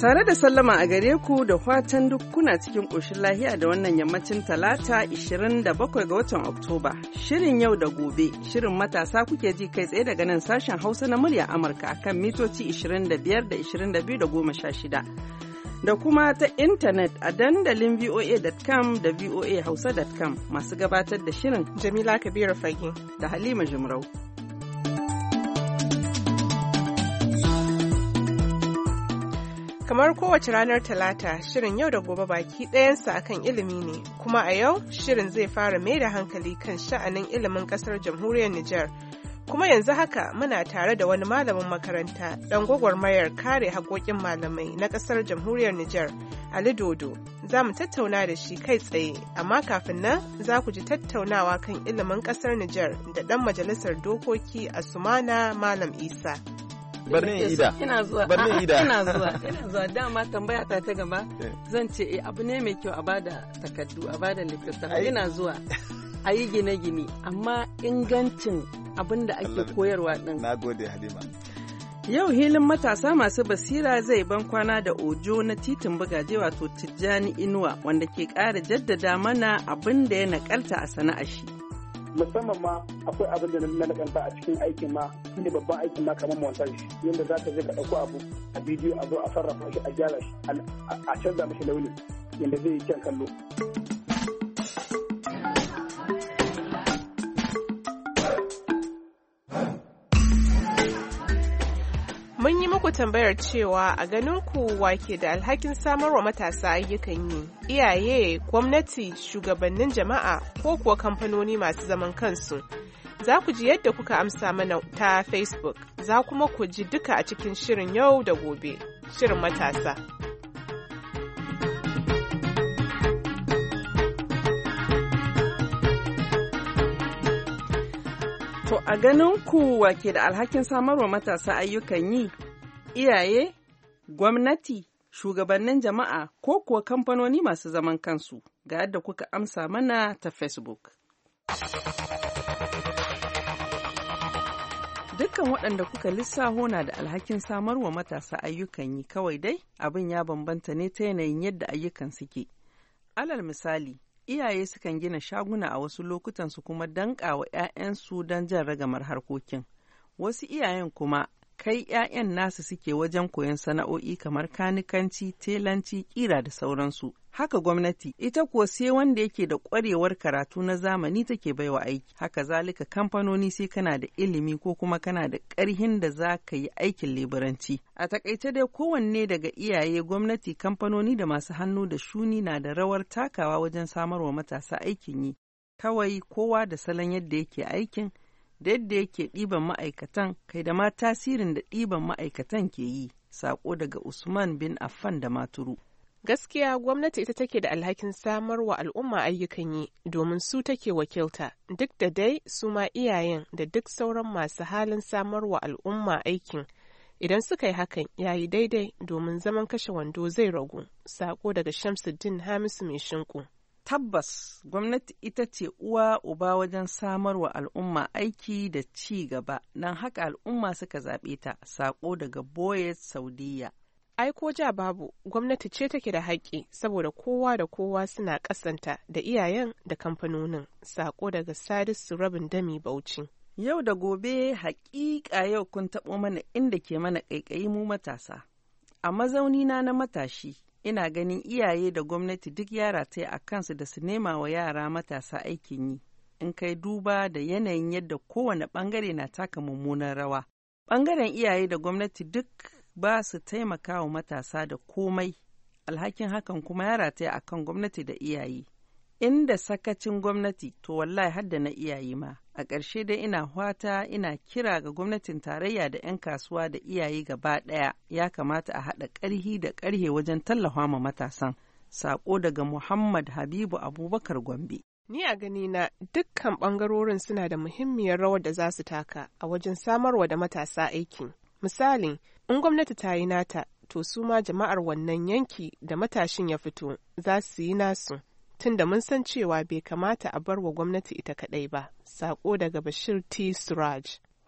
Tare da sallama a gare ku da fatan duk kuna cikin ƙoshin lahiya da wannan yammacin talata 27 ga watan Oktoba. Shirin yau da gobe, shirin matasa kuke ji kai tsaye daga nan sashen Hausa na murya Amurka kan mitoci 25 da 22 da 16. Da kuma ta intanet a dandalin voa.com da voa voahausa.com masu gabatar da shirin Jamila Kabiru Fage da Halima Jumrau. Kamar kowace ranar Talata, shirin yau da gobe baki ɗayansa akan ilimi ne, kuma a yau shirin zai fara mai da hankali kan sha'anin ilimin ƙasar jamhuriyar Nijar. Kuma yanzu haka muna tare da wani malamin makaranta ɗan gwagwarmayar kare haƙoƙin malamai na ƙasar jamhuriyar Nijar, Ali Dodo. Za mu tattauna da shi kai tsaye, amma kafin nan za ku ji tattaunawa kan ilimin ƙasar Nijar da ɗan majalisar dokoki Asumana Malam Isa. bar ida ina zuwa bar ida ina zuwa ina zuwa dama tambaya ta ta gaba eh. zan ce eh abu ne mai kyau a bada takardu a bada littattafai ina zuwa a yi gine-gine amma ingancin abin da ake koyarwa din na gode halima Yau hilin matasa masu basira zai ban kwana da ojo na titin bugaje wato Tijjani Inuwa wanda ke ƙara jaddada mana abin da ya nakalta a sana'ar shi. musamman ma akwai abin da na nakanta a cikin aikin ma shine babban aikin ma kamar montage yadda za ta je ka ɗauko abu a bidiyo a zo a sarrafa shi a gyara shi a canza mashi launi yadda zai yi kyan kallo. muku tambayar cewa a ganin ku wake da alhakin samarwa matasa ayyukan yi, iyaye, gwamnati, shugabannin jama'a ko kuwa kamfanoni masu zaman kansu. Za ku ji yadda kuka amsa mana ta Facebook, za kuma ku ji duka a cikin shirin yau da gobe, shirin matasa. To a ganin ku wake da alhakin samarwa matasa ayyukan yi iyaye, gwamnati, shugabannin jama'a ko kuwa kamfanoni masu zaman kansu ga yadda kuka amsa mana ta Facebook. Dukkan waɗanda kuka lissaho na da alhakin samarwa matasa ayyukan yi kawai dai abin ya bambanta ne ta yanayin yadda ayyukan suke. Alal misali, iyaye sukan gina shaguna a wasu lokutan su kuma danƙa wa 'ya'yansu don jan ragamar harkokin. Wasu iyayen kuma kai 'ya'yan nasu suke wajen koyon sana'o'i kamar kanikanci, telanci, kira da sauransu. Haka gwamnati ita kuwa sai wanda yake da ƙwarewar karatu na zamani take baiwa aiki. Haka zalika kamfanoni sai kana da ilimi ko kuma kana da ƙarhin da za ka yi aikin leburanci. A takaice dai kowanne daga iyaye gwamnati kamfanoni da masu hannu da shuni na da rawar takawa wajen samarwa matasa aikin yi. Kawai kowa da salon yadda yake aikin da yadda yake ɗiban ma'aikatan kai da ma tasirin da ɗiban ma'aikatan ke yi sako daga usman bin affan da maturu gaskiya gwamnati ita take da alhakin samar wa al'umma ayyukan yi domin su take wakilta duk da dai su ma iyayen da duk sauran masu halin samar wa al'umma aikin idan suka yi hakan ya yi daidai domin zaman kashe wando zai ragu sako daga shamsuddin hamisu mai shinku tabbas gwamnati ita ce uwa uba wajen samar wa al'umma aiki da ci gaba nan haka al'umma suka zaɓe ta saƙo daga boye saudiya aiko ja babu gwamnati ce take da haƙƙi saboda kowa da kowa suna ƙasanta da iyayen da kamfanonin saƙo daga sadis rabin dami bauchi yau da gobe haƙiƙa yau kun taɓo mana inda ke mana ƙaiƙayi mu matasa a mazaunina na matashi ina ganin iyaye da gwamnati duk yara ta a kansu da su nema wa yara matasa aikin yi in kai duba da yanayin yadda kowane bangare na taka mummunan rawa bangaren iyaye da gwamnati duk ba su taimaka wa matasa da komai alhakin hakan kuma ya rataya akan gwamnati da iyaye inda sakacin gwamnati to wallahi hadda na iyaye ma a ƙarshe dai ina hwata ina kira ga gwamnatin tarayya da 'yan kasuwa da iyaye gaba ɗaya ya kamata a haɗa ƙarhi da ƙarhe wajen tallafa ma matasan saƙo daga muhammad habibu abubakar gombe ni a ganina dukkan ɓangarorin suna da muhimmiyar rawar da za su taka a wajen samarwa da matasa aiki. misali in gwamnati ta yi nata to su ma jama'ar wannan yanki da matashin ya fito za su yi nasu tunda mun san cewa bai kamata a bar wa gwamnati ita kaɗai ba. Sako daga Bashir T. Suraj.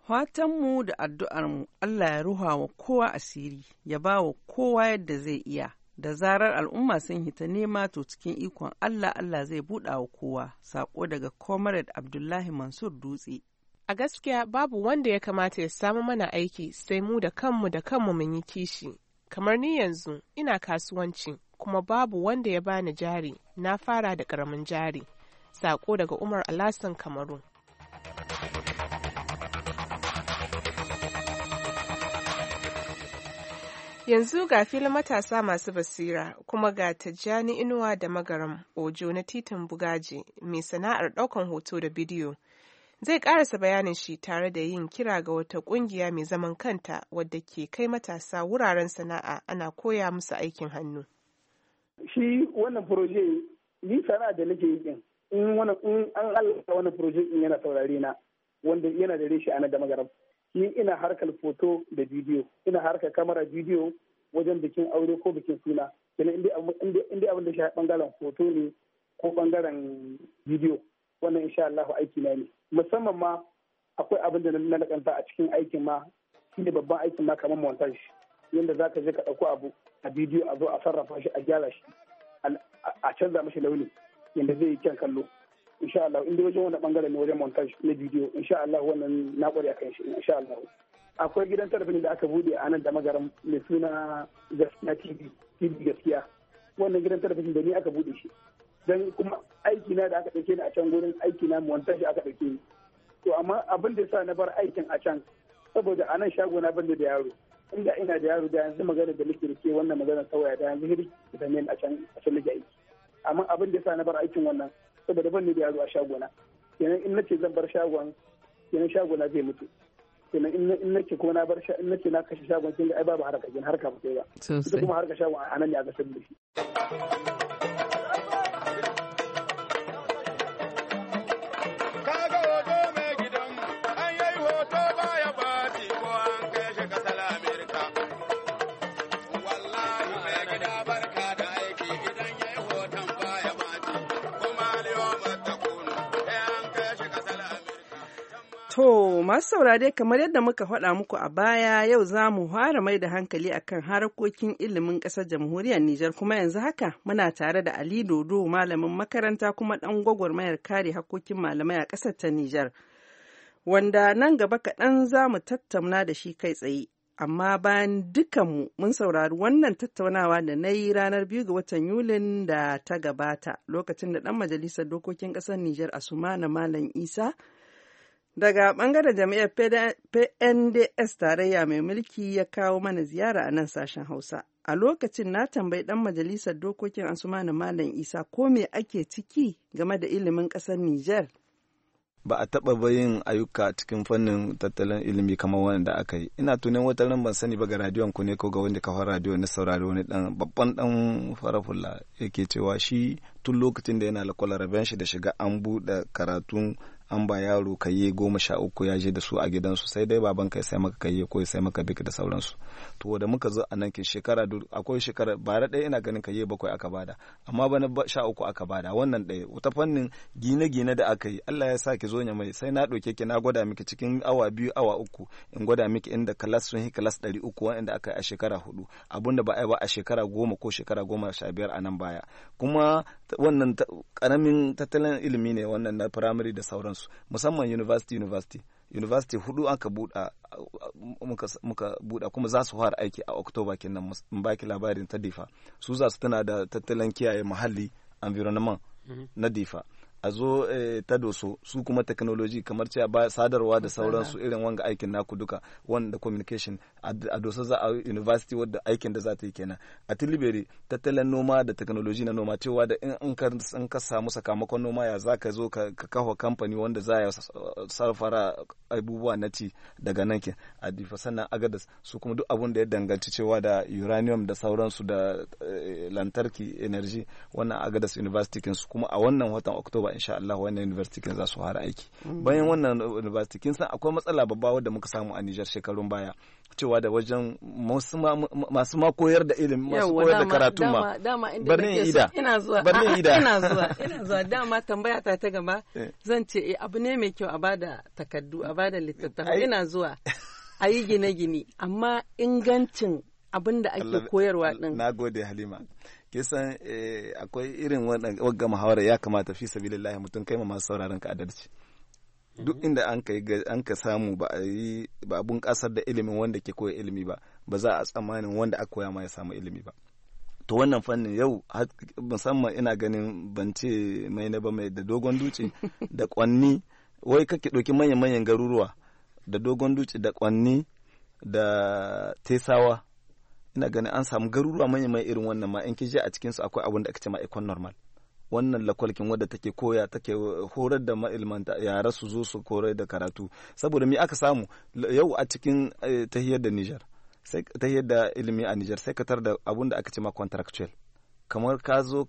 Fatanmu da addu'armu Allah ya ruha wa kowa asiri, ya ba wa kowa yadda zai iya. Da zarar al'umma sun hita nema to cikin ikon Allah Allah zai buɗa wa kowa. Sako daga Comrade Abdullahi Mansur Dutse. A gaskiya babu wanda ya kamata ya samu mana aiki sai mu da kanmu da kanmu mun yi kishi. Kamar ni yanzu ina kasuwanci kuma babu wanda ya bani jari na fara da karamin jari sako daga umar alasan kamaru yanzu ga filin matasa masu basira kuma ga tijjani inuwa da magaram ojo na titin bugaji mai sana'ar daukan hoto da bidiyo zai karasa bayanin shi tare da yin kira ga wata kungiya mai zaman kanta wadda ke kai matasa wuraren sana'a ana koya musu aikin hannu shi wannan proje ni sana'a da nake yi in wani in an allaka wani proje din yana saurare na wanda yana da reshi ana da magaram ni ina harkar foto da bidiyo ina harkar kamera bidiyo wajen bikin aure ko bikin suna kenan inda abin da shi bangaren foto ne ko bangaren bidiyo wannan insha Allah aiki na ne musamman ma akwai abin da na nakanta a cikin aikin ma shi babban aikin ma kamar montage yadda za ka je ka ɗauko abu a bidiyo a zo a sarrafa shi a gyara shi a canza mashi launi yadda zai yi kyan kallo insha Allah inda wajen wani bangare ne wajen montage na bidiyo insha Allah wannan na kware kan shi insha Allah akwai gidan talabijin da aka bude a nan da magaram mai suna gaskiya TV TV gaskiya wannan gidan talabijin da ni aka bude shi dan kuma aiki na da aka dauke ni a can gurin aiki na montage aka dauke ni to amma abin da yasa na bar aikin a can saboda a nan shago na ban da yaro inda ina da yaro da yanzu magana da nake rike wannan magana ta waya da yanzu hiri da ne a can a can nake aiki amma abin da yasa na bar aikin wannan saboda ban ne da yaro a shagona kenan in nace zan bar shagon kenan shagona zai mutu kenan in nake ko na bar sha in nace na kashe shagon kin ga ai babu harka kin harka ba sai ba kuma harka shagon a nan ne a ga sabbi masu saurare kamar yadda muka faɗa muku a baya yau za mu fara mai da hankali akan harkokin ilimin ƙasar jamhuriyar Nijar kuma yanzu haka muna tare da Ali Dodo malamin makaranta kuma ɗan gwagwarmayar kare harkokin malamai a ƙasar ta Nijar. Wanda nan gaba kaɗan za mu tattauna da shi kai tsaye. Amma bayan dukanmu mun saurari wannan tattaunawa da na yi ranar biyu ga watan Yulin da ta gabata lokacin da ɗan majalisar dokokin ƙasar Nijar Asumana Malam Isa daga bangaren jami'ar PNDS tarayya mai mulki ya kawo mana ziyara a nan sashen Hausa. A lokacin na tambayi dan majalisar dokokin asumanin Malam Isa ko me ake ciki game da ilimin kasar Nijar. Ba a taɓa yin ayyuka cikin fannin tattalin ilimi kamar wanda aka yi. Ina tunan wata ran ban sani ba ga radiyon ku ne ko ga wanda kafar radiyo na saurari wani dan babban dan farafulla yake cewa shi tun lokacin da yana lakwala shi da shiga an buɗe karatun an ba yaro kaye goma sha uku ya je da su a gidansu sai dai baban ka ya sai maka kaye ko ya sai maka bik da sauransu to da muka zo a nan kin shekara akwai shekara bara ɗaya ina ganin kaye bakwai aka bada amma bana sha uku aka bada wannan ɗaya wata fannin gine-gine da aka yi Allah ya sa ki zo mai sai na ɗauke ki na gwada miki cikin awa biyu awa uku in gwada miki inda kalas sun yi kalas ɗari uku wanda aka yi a shekara hudu abinda ba a yi ba a shekara goma ko shekara goma sha biyar a nan baya kuma wannan karamin tattalin ilimi ne wannan na firamare da sauransu su musamman university university university hudu aka buɗa muka, muka buɗa kuma za su fara aiki a oktoba kenan in baki labarin ta difa su za su tana da tattalin kiyaye muhalli environment mhm. na difa a zo eh, ta doso su kuma technology kamar cewa baya sadarwa da sauran su irin wanga aikin naku duka wanda communication a dosa za a university wadda aikin da za ta yi kenan a tilibiri tattalin noma da teknoloji na noma cewa da in ka samu sakamakon noma ya za ka zo ka kafa kamfani wanda za ya sarfara abubuwa na ci daga nan ke a difa sannan agadas su kuma duk abun da ya danganci cewa da uranium da sauransu da eh, lantarki energy wannan agadas university kin su kuma a wannan watan oktoba insha Allah wannan university kin za su fara aiki mm. bayan wannan university kin san akwai matsala babba wadda muka samu a Niger shekarun baya cewa da wajen masu ma koyar da ilimi masu koyar da karatu ma dama ida ina zuwa ina zuwa ina zuwa dama tambaya ta ta gaba eh. zan ce eh abu ne mai kyau a bada takardu a bada littattafai ina zuwa a yi gine-gine amma ingancin abin da ake koyarwa din na gode halima kisan eh, akwai irin wannan wagga muhawara ya kamata fi sabilillahi mutum kai ma masu sauraron ka adalci duk inda an ka samu ba a yi ba a bunƙasar da ilimin wanda ke koya ilimi ba ba za a tsammanin wanda aka koya ma ya samu ilimi ba to wannan fannin yau musamman ina ganin bance mai na ba mai da dogon duce da kwanni wai kake ɗauki manyan manyan garuruwa da dogon duce da kwanni da tesawa ina ganin an samu garuruwa manyan irin wannan ma in kije a cikinsu akwai abun da aka ce ma normal wannan lakwalkin wadda take koya take eh, horar da ma'ilmanta yara su zo su korar da karatu saboda me aka samu yau a cikin eh, tahiyar da Niger sai tahiyar da ilimi a Niger sai ka tar da abun da aka ce ma contractual kamar ka zo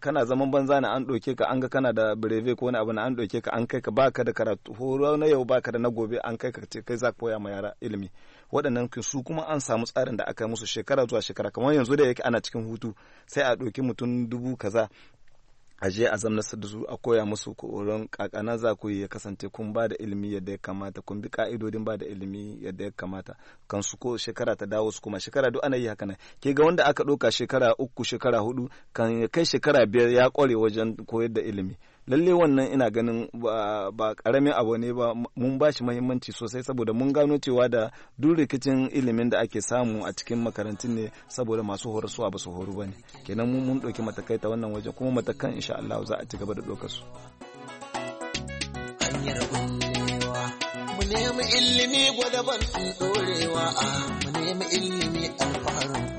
kana zaman banza na an ɗauke ka an ga kana da breve ko wani abu na an ɗauke ka an kai ka baka da karatu horo na yau baka da na gobe an kai ka ce kai za ka koya ma yara ilimi waɗannan su kuma an samu tsarin da aka musu shekara zuwa shekara kamar yanzu da yake ana cikin hutu sai a ɗauki mutum dubu kaza a je a da su a koya musu koron kakana za ku yi ya kasance kun ba da ilimi yadda ya kamata kun bi ka'idodin ba da ilimi yadda ya kamata kan su ko shekara ta dawo su kuma shekara duk ana yi haka nan ke ga wanda aka ɗauka shekara uku shekara hudu kan kai shekara biyar ya kware wajen koyar da ilimi lalle wannan ina ganin ba karamin abu ne ba mun bashi mahimmanci sosai saboda mun gano cewa da duk rikicin ilimin da ake samu a cikin makarantun ne saboda masu horaswa ba su horu ba ne kenan mun ɗauki matakai ta wannan wajen kuma matakan insha Allah za a ci gaba da ɗaukar su. hanyar mu nemi ilimi gwada ban ɗorewa ah, mu nemi ilimi alfaharu.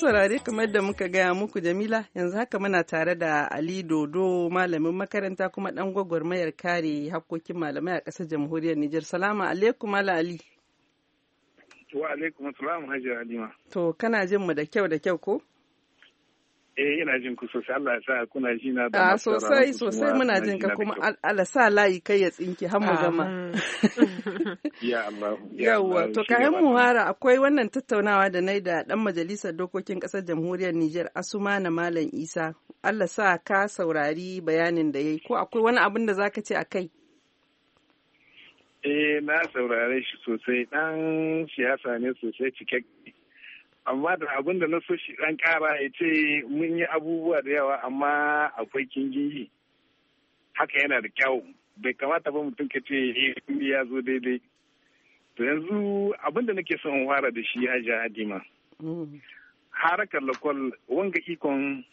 saurare kamar da muka gaya muku Jamila yanzu haka muna tare da Ali Dodo malamin makaranta kuma dan gwagwarmayar kare hakkokin malamai a ƙasar jamhuriyar Nijar. salama alaikum Mala Ali. Wa alaikum salam Hajiya Halima. To kana jin mu da kyau da kyau ko? Eh ina jin ku sosai Allah ya sa kuna ji na da ah, sosai sosai muna jin ka kuma Allah sa layi kai ya tsinki har mu gama. Ya Allah. Yawwa to kayan muhara akwai wannan tattaunawa da nai da dan majalisar dokokin kasar jamhuriyar Nijar Asuma na Malam Isa. Allah sa ka saurari bayanin da yayi ko akwai wani abin da zaka ce akai? Eh na saurare shi sosai dan siyasa ne sosai cikakke amma da abin da na so shi dan kara ya ce mun yi abubuwa da yawa amma akwai kingin yi haka yana da kyau bai kamata ba mutum ka ce eh, ya zo daidai to yanzu abin da nake son wara da shi ya ja hadima mm. harakar lokal wanga ikon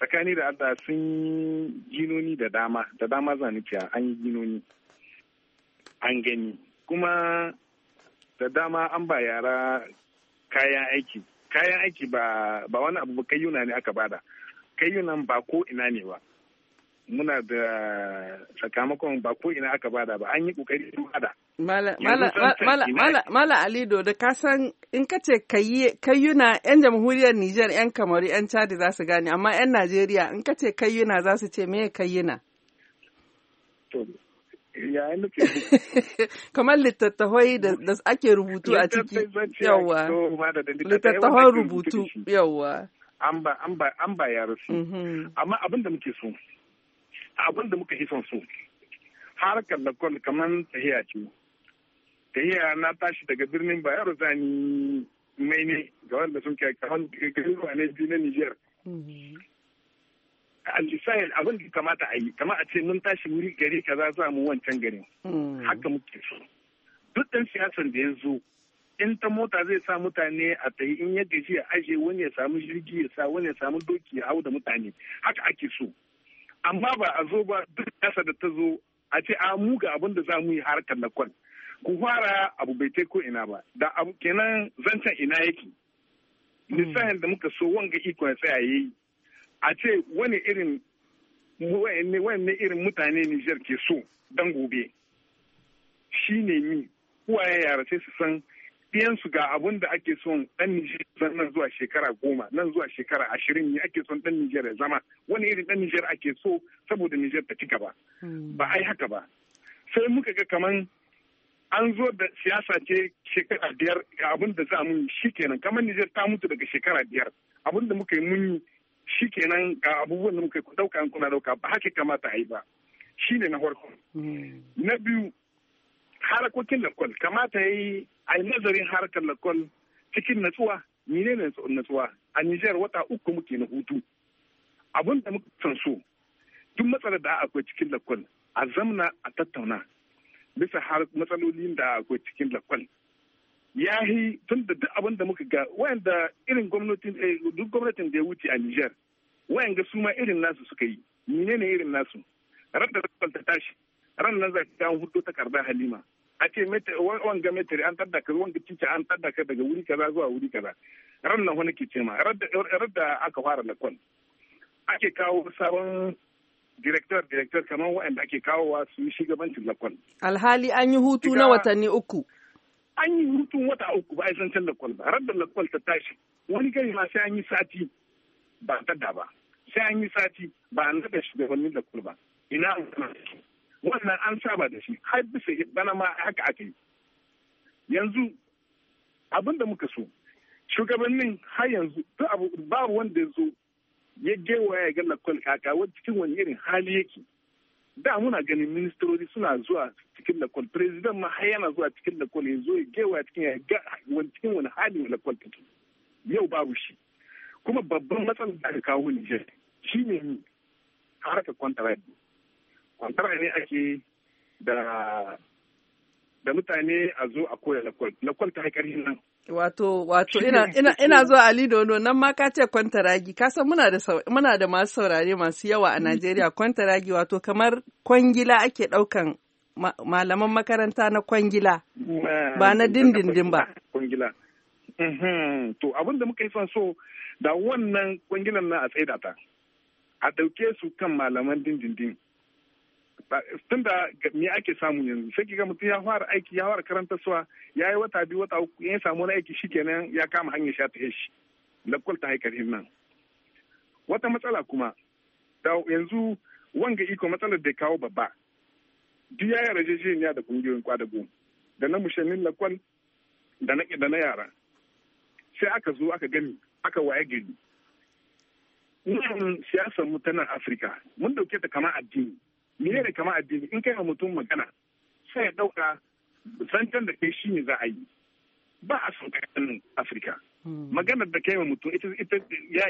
tsakani da allah sun ginoni da dama da dama nufi an yi ginoni an gani kuma da dama an ba yara kayan aiki kayan aiki ba ba wani abu kai yuna ne aka bada kai ba ko ina ne ba muna da sakamakon ba ko ina aka bada ba an yi kokari su bada mala alido da kasan in ka ce kayyuna yan jamhuriyar niger yan kamaru yan chadi za su gane amma yan najeriya in ka ce kayyuna za su ce me kayyuna ya yi nake kamar littattafai da ake rubutu a ciki yawa littattafan rubutu yawa an ba yaro su mm-hmm. amma abin da muke so abin da muka hison so harkar lakon kamar tahiya ce tahiya na tashi daga birnin bayero zani mai ne ga wanda sun kai kamar garuruwa ne biyu na nijiyar mm-hmm. alisayin abin da kamata a yi kamar a ce mun tashi wuri gari kaza za mu wancan gari. Hmm. haka muke so duk ɗan siyasan da ya zo in ta mota zai sa mutane a tayi in ya gaji ya aje wani ya samu jirgi ya sa wani ya samu doki ya hau da mutane haka ake so amma ba a zo ba duk ƙasa da ta zo a ce a mu ga abin da za mu yi harkar na kwan ku fara abu bai kai ko ina ba da abu kenan zancen ina yake lissafin hmm. da muka so wanga iko ya tsaya yayi a ce wani irin wani irin mutane Nijar ke so dan gobe shi ne ni kuwaye yara sai su san ɗiyansu ga abun da ake son ɗan Nijar nan zuwa shekara goma nan zuwa shekara ashirin ne ake son ɗan Nijar ya zama wani irin ɗan Nijar ake so saboda Nijar ta ci gaba hmm. ba ai haka ba sai muka ga kaman an zo da siyasa ce shekara biyar abin da za mu yi shi kenan kamar Nijar ta mutu daga shekara biyar abin da muka yi mun yi shi kenan ga abubuwan da muka dauka kuna dauka ba haka kamata a yi ba shi ne na farko hmm. na biyu harakokin lakwal kamata ya yi a yi nazarin harakar lakwal cikin natsuwa mine ne natsuwa a Nijar wata uku muke na hutu abun da muka san so duk matsalar da akwai cikin lakwal a zamna a tattauna bisa matsalolin da akwai cikin lakwal ya yi tun da duk abin da muka ga wayanda irin gwamnatin eh, duk gwamnatin da ya wuce a Niger wayanga su ma irin nasu suka yi mine ne irin nasu ran da ta tashi ran nan za ta hudu ta karda Halima a ce wanga metri an tadda ka wanga cice an tadda ka daga wuri kaza zuwa wuri kaza ran nan wani ke ce ma ran da aka fara lakon ake kawo sabon director director kamar da ake kawowa su yi shugabancin lakon. Alhali an yi hutu na watanni uku. an yi hutun wata uku ba a san can lakwal ba rar da lakwal ta tashi wani gari ma sai an yi sati ba tada ba sai an yi sati ba a da shugabannin lakwal ba ina wannan an saba da shi har bisa bana ma haka aka yi yanzu abin da muka so shugabannin har yanzu babu wanda ya zo ya gewa ya ga lakwal kaka cikin wani irin hali yake da muna ganin ministrori suna zuwa cikin lakwal president ma har yana zuwa cikin lakwal ya zo ya gewa cikin ya ga cikin wani hali lakol take yau babu shi kuma babban matsalar da aka kawo Nijar shi ne harkar kwantaraid kwantaraid ne ake da mutane a zo a koya lakwal lakol ta yin nan Wato, wato, ina, zuwa Ali Dodo nan ma ka ce kwantaragi, kasan muna da, masu saurare masu yawa a Najeriya kwantaragi wato kamar kwangila ake ɗaukan malaman makaranta na kwangila, ba na dindindin ba. Kwangila. Mhm. To, abin da muka yi son so, da wannan kwangilan na a da ta, a ɗauke su kan malaman dindindin. tun da me ake samu yanzu sai kiga mutum ya fara aiki ya fara karanta suwa ya yi wata biyu wata uku ya samu wani aiki shikenan ya kama hanyar sha ta shi lakwal ta haikar nan wata matsala kuma da yanzu wanga iko matsalar da kawo babba duk ya yara jejeniya da kungiyoyin kwadago da na mushannin lakwal da na da na yara sai aka zo aka gani aka waye gari siyasar mu ta nan afirka mun dauke ta kama addini mene ne kama addini in kai wa mutum magana sai ya ɗauka zancen da kai shi ne za a yi ba a son kayan afirka hmm. maganar da kai ma mutum ita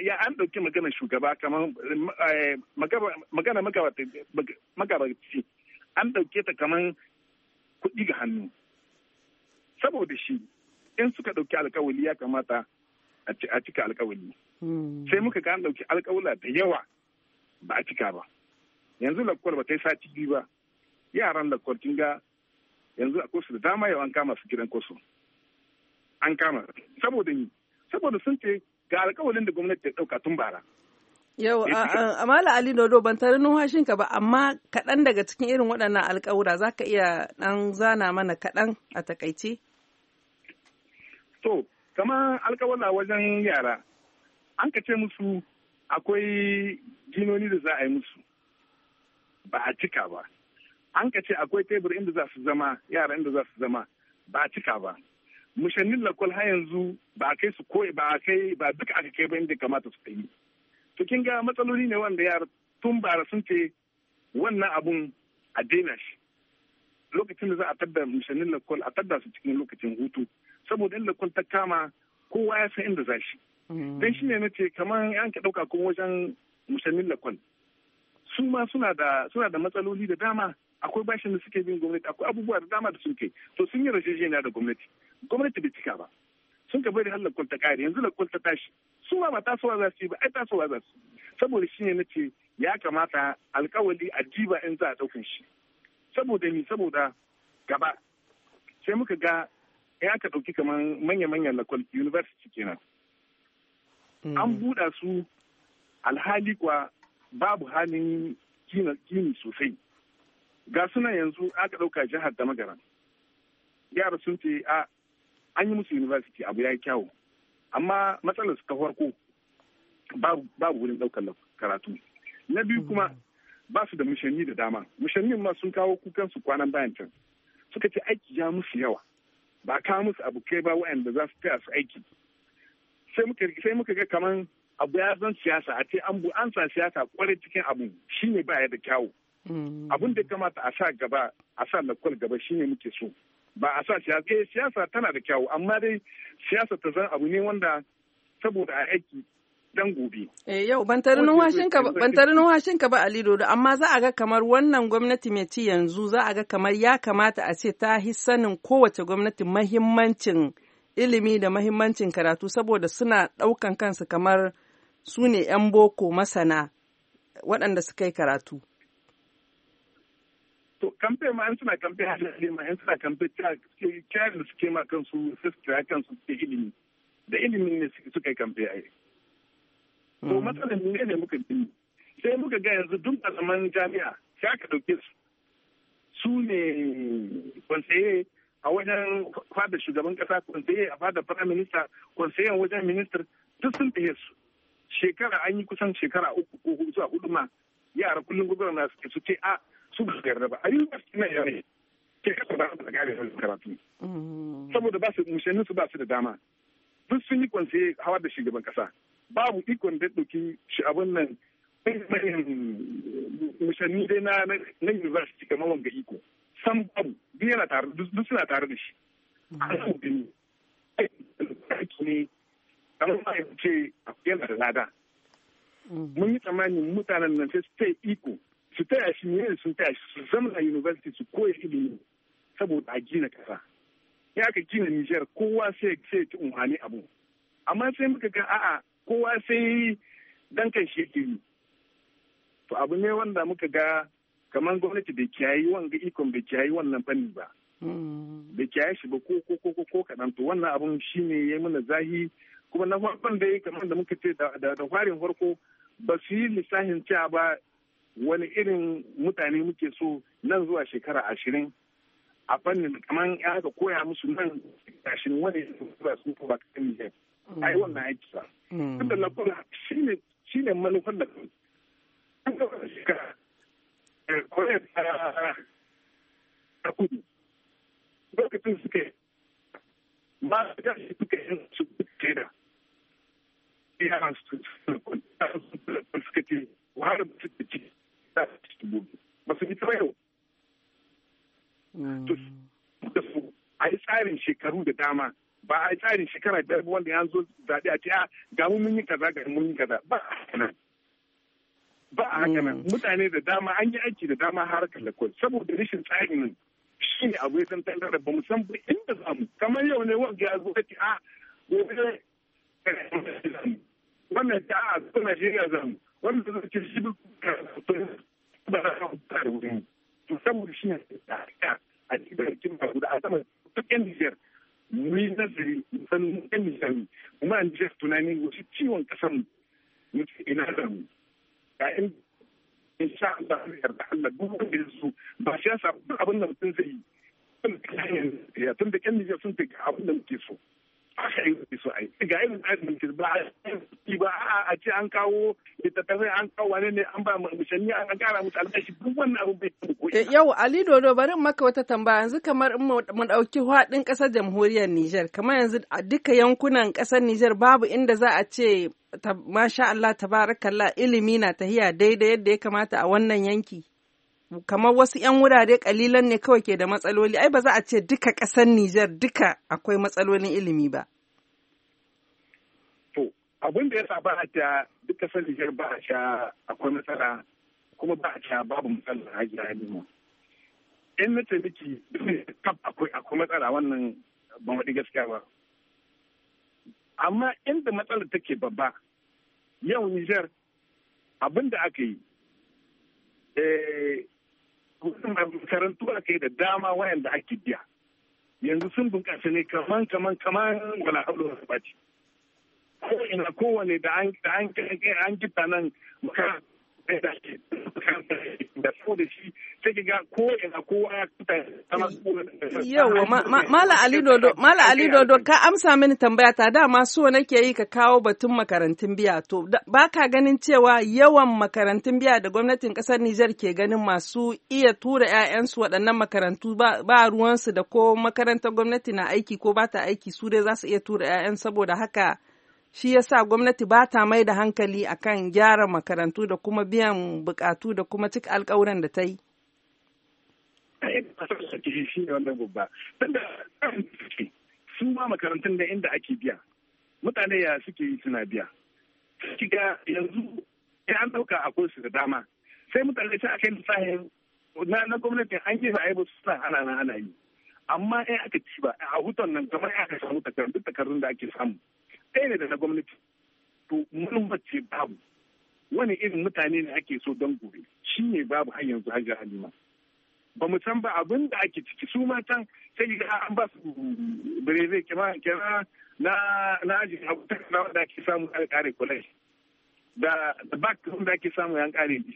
ya an ɗauki maganar shugaba kamar eh, magana magabaci an ɗauke ta kamar kuɗi ga hannu saboda shi in suka ɗauki alkawali ya kamata a cika alkawali hmm. sai muka ga an ɗauki alkawula da yawa ba a cika ba yanzu lakwal ba ta yi sati biyu ba yaran lakwal kin ga yanzu a su da dama yau an kama su gidan koso an kama saboda ni saboda sun ce ga alkawalin da gwamnati ta dauka tun bara yau eh, amala ali dodo ban tare numfashin ka ba amma kaɗan daga cikin irin waɗannan alkawura za ka iya ɗan zana mana kaɗan a takaice to kama alkawala wajen yara an ka ce musu akwai ginoni da za a yi musu ba a cika ba an ka ce akwai tebur inda za su zama yara inda za su zama ba a cika ba mushannin lakwal har yanzu ba a kai su koyi ba a kai ba duka aka kai ba inda kamata su yi to kin ga matsaloli ne wanda yara tun bara sun ce wannan abun a daina shi lokacin da za a tadda mushannin lakwal a tadda su cikin lokacin hutu saboda in lakwal ta kama kowa ya san inda za shi mm. dan shi ne na ce kamar an ka ɗauka kuma wajen mushannin lakwal su ma suna da matsaloli da dama akwai bashin da suke bin gwamnati akwai abubuwa da dama da suke to sun yi rajajeniya da gwamnati gwamnati bai cika ba sun ka bari da lakwal ta kare yanzu da kwalta tashi su ma ba tasowa za su yi ba ai tasowa za su saboda shi ne na ce ya kamata alkawali a jiba in za a ɗaukan shi saboda ni saboda gaba sai muka ga ya ka ɗauki kamar manya-manyan lakwal university kenan an mm. buɗa su alhali kuwa babu halin gini sosai ga suna yanzu aka ɗauka jihar da magana. yara sun ce a an yi musu university abu ya yi kyawu amma matsalar su ta farko babu wurin ɗaukar karatu na biyu kuma mm. ba su da mushanni da dama mushannin ma sun kawo su kwanan bayan can suka ce aiki ya musu yawa ba kawo musu abu kai ba waɗanda za su taya su aiki sai muka ga kamar abu ya zan siyasa a ce an sa siyasa kwarai cikin abu shine baya da kyawu mm. abun da kamata a sa gaba a sa lakwal gaba shine muke so ba a sa siyasa eh siyasa tana da kyawu amma dai siyasa ta zan abu ne wanda saboda a aiki dan gobe. Eh yau ban tare numfashin ka ba Ali Dodo amma za a ga kamar wannan gwamnati mai ci yanzu za a ga kamar ya kamata a ce ta hissanin sanin kowace gwamnati mahimmancin ilimi da mahimmancin karatu saboda suna ɗaukan kansu kamar su ne 'yan boko masana waɗanda suka yi karatu. To kamfe ma suna kamfe halali ma 'yan suna kamfe kira da suke ma kansu sai su kira kansu suke ilimi da ilimin ne suka yi kamfe a yi. To mm. matsalar ne ne muka bi sai muka ga yanzu duk zaman jami'a sai aka ɗauke su su ne kwanseye a wajen fada shugaban kasa kwanseye a fada minista kwanseye a wajen minista duk sun tahe su shekara an yi kusan shekara uku ko hudu zuwa hudu ma yara kullum gudunar na suke su ce a su ba su yarda ba a yi university na yare ne ke kasa ba a gari da karatu mm. saboda ba su mushenin su ba su da dama duk sun yi kwanse hawa da shugaban kasa babu ikon da ɗauki shi abin nan mushanni dai na na university kamar wanga iko san babu duk yana tare duk suna tare da shi mm. a yau ne ce a yana da lada mm-hmm. mun yi tsammanin mutanen nan sai su taya iko su taya shi ne sun taya shi su zama a university su koya ilimi saboda a gina kasa ya aka gina Nijar kowa sai sai ci umhani abu amma sai muka ga a'a kowa sai dan kan shi yi to abu ne wanda muka ga kamar gwamnati da kiyayi wanga ikon bai kiyayi wannan fanni ba da mm-hmm. kiyaye shi ba ko ko ko ko kaɗan to wannan abun shine ya mana zahi kuma na farkon dai kamar da muka ce da farin farko ba su yi lissahin cewa ba wani irin mutane muke so nan zuwa shekara ashirin a fannin kamar ya haka koya musu nan ashirin wani ba su ba kan nijar mm. ai wannan aiki sa mm. tunda da lafiyar shi ne manufar da kan shekara eh, koyar kudu lokacin suke ba da shi suke yin su da yara su suka ce wahala ba su ci da su ba su a yi tsarin shekaru da dama ba a yi tsarin shekara biyar wanda ya zo zaɓe a ce a ga mun yi kaza ga mun yi kaza ba a haka Ba a haka nan mutane da dama an yi aiki da dama har harkar lakon saboda rashin tsarin nan shi ne abu ya san tantar da ba mu san inda za mu kamar yau ne wanda ya zo a gobe wannan ta a zo Najeriya zan wannan da zai ci ba za a huta da wuri to saboda shi ne tsarika a cikin ba guda a sama duk yan Nijar mu yi nazari mu san yan Nijar mu kuma Nijar tunani wasu ciwon kasan mu ina da mu ga in insha Allah zai yarda Allah duk wanda ya so ba shi ya samu abin da mutum zai yi tun da yan Nijar sun take abin da muke so. ba a ce an kawo ne an ba an kara musu eh, yau Ali Dodo bari in maka wata tambaya yanzu kamar in mu dauki hadin kasar jamhuriyar Niger kamar yanzu duka yankunan kasar Nijar babu inda za a ce masha Allah tabarakallah ilimi na tahiya daidai yadda ya kamata a wannan yanki kamar wasu 'yan wurare kalilan ne kawai ke da matsaloli ai ba za a ce duka ƙasar Nijar duka akwai matsalolin ilimi ba. abin da ya sa ba a ta duk kasar Nijar ba a sha akwai matsala kuma ba a sha babu matsala a gida nemo. In na taimaki kaf akwai akwai matsala wannan ban waɗi gaskiya ba. Amma inda matsala take babba yau Nijar abin da aka yi eh, karantu aka yi da dama wayanda ake biya yanzu sun bunƙasa ne kaman kaman kaman wala haulu wasu ko ina kowane da an nan da su da shi sai ga ina mala ali dodo mala ali dodo ka amsa mini tambaya ta dama so nake yi ka kawo batun makarantun biya to baka ganin cewa yawan makarantun biya da gwamnatin kasar Nijar ke ganin masu iya tura ya'yansu waɗannan makarantu ba ruwansu da ko makarantar gwamnati na aiki ko ba ta aiki su dai za su iya tura ya'yan saboda haka shi ya sa gwamnati ba ta mai da hankali akan gyara makarantu da kuma biyan bukatu da kuma cika alkawuran da ta yi shi ne wannan babba tunda su ma makarantun da inda ake biya mutane ya suke yi suna biya ga yanzu sai an dauka akwai su da dama sai mutane sai aka yi misalin na na gwamnati an yi sa'ai ba suna ana na ana yi amma in aka ci ba a hutan nan kamar aka samu takardun takardun da ake samu ɗaya ne da na gwamnati to manufar babu wani irin mutane ne ake so don gobe shi ne babu har yanzu hajji halima ba mu san ba abin da ake ciki su matan sai ga an ba su zai kira kira na na aji ta na wanda ake samu a kare kulai da da bak da ake samu yan kare ne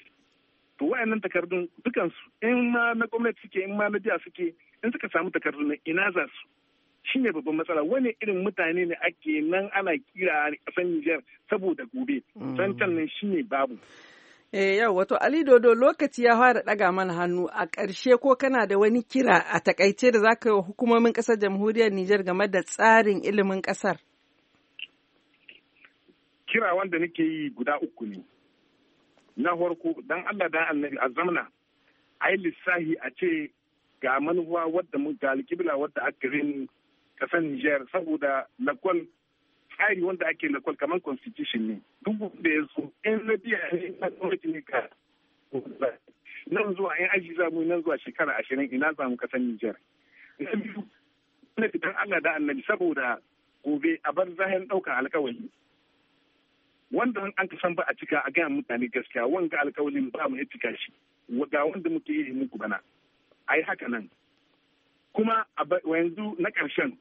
to wayannan takardun dukansu in ma na gwamnati suke in ma na jiya suke in suka samu takardun ina za su shi ne babban matsala wani irin mutane ne ake nan ana kira a ƙasar Nijar saboda gobe zancen mm. nan shi ne babu. Eh yau wato Ali Dodo lokaci ya fara ɗaga mana hannu a ƙarshe ko kana da wani kira a takaice da zaka yi wa hukumomin ƙasar jamhuriyar Nijar game da tsarin ilimin ƙasar. Kira wanda nake yi guda uku ne. Na farko dan Allah da Annabi a zamana a lissahi a ce ga manufa wadda mu ga alƙibla wadda aka rini kasar Nijar saboda lakwal tsari wanda ake lakwal kamar constitution ne duk da ya so in na biya ne na gwamnati ne ka nan zuwa in aji mu nan zuwa shekara ashirin ina zamu kasar Nijar na biyu na fitan Allah da annabi saboda gobe a bar zahen ɗaukar alkawari wanda an ka san ba a cika a gaya mutane gaskiya wanga alkawalin ba mu cika shi ga wanda muke yi muku bana a yi haka nan kuma yanzu na ƙarshen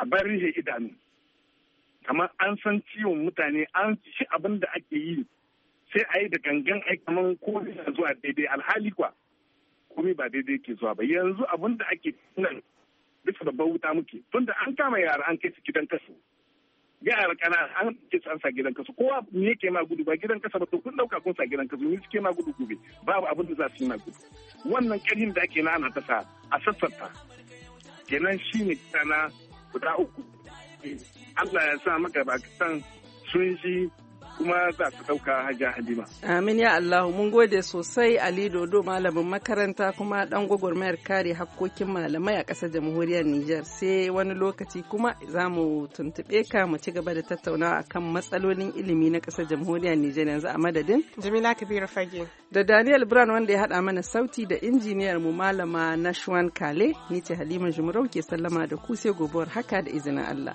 a bar rihe idanu kamar an san ciwon mutane an ci abin da ake yi sai a yi da gangan ai kamar komai na zuwa daidai alhali kuwa komai ba daidai ke zuwa ba yanzu abin da ake nan bisa babban wuta muke tunda an kama yara an kai su gidan kasu yara kana an ke an sa gidan kasu kowa ne yake ma gudu ba gidan kasa ba to kun dauka kun sa gidan kasu me suke ma gudu gobe babu abin da za su yi ma gudu wannan karin da ake na ana ta sa a sassarta kenan shine kana guda uku. Eh, Allah ya sa magabatan sun shi kuma za su ɗauka hajja hadima. Amin ya Allah mun gode sosai Ali Dodo malamin makaranta kuma ɗan gwagwarmayar kare hakkokin malamai a ƙasar jamhuriyar Nijar sai wani lokaci kuma za mu tuntuɓe ka mu ci gaba da tattaunawa akan matsalolin ilimi na ƙasar jamhuriyar Nijar yanzu a madadin. Jamila Kabiru Fage. Da Daniel Brown wanda ya haɗa mana sauti da injiniyar mu malama Nashwan Kale ni ce Halima Jumarau ke sallama da ku sai gobuwar haka da izinin Allah.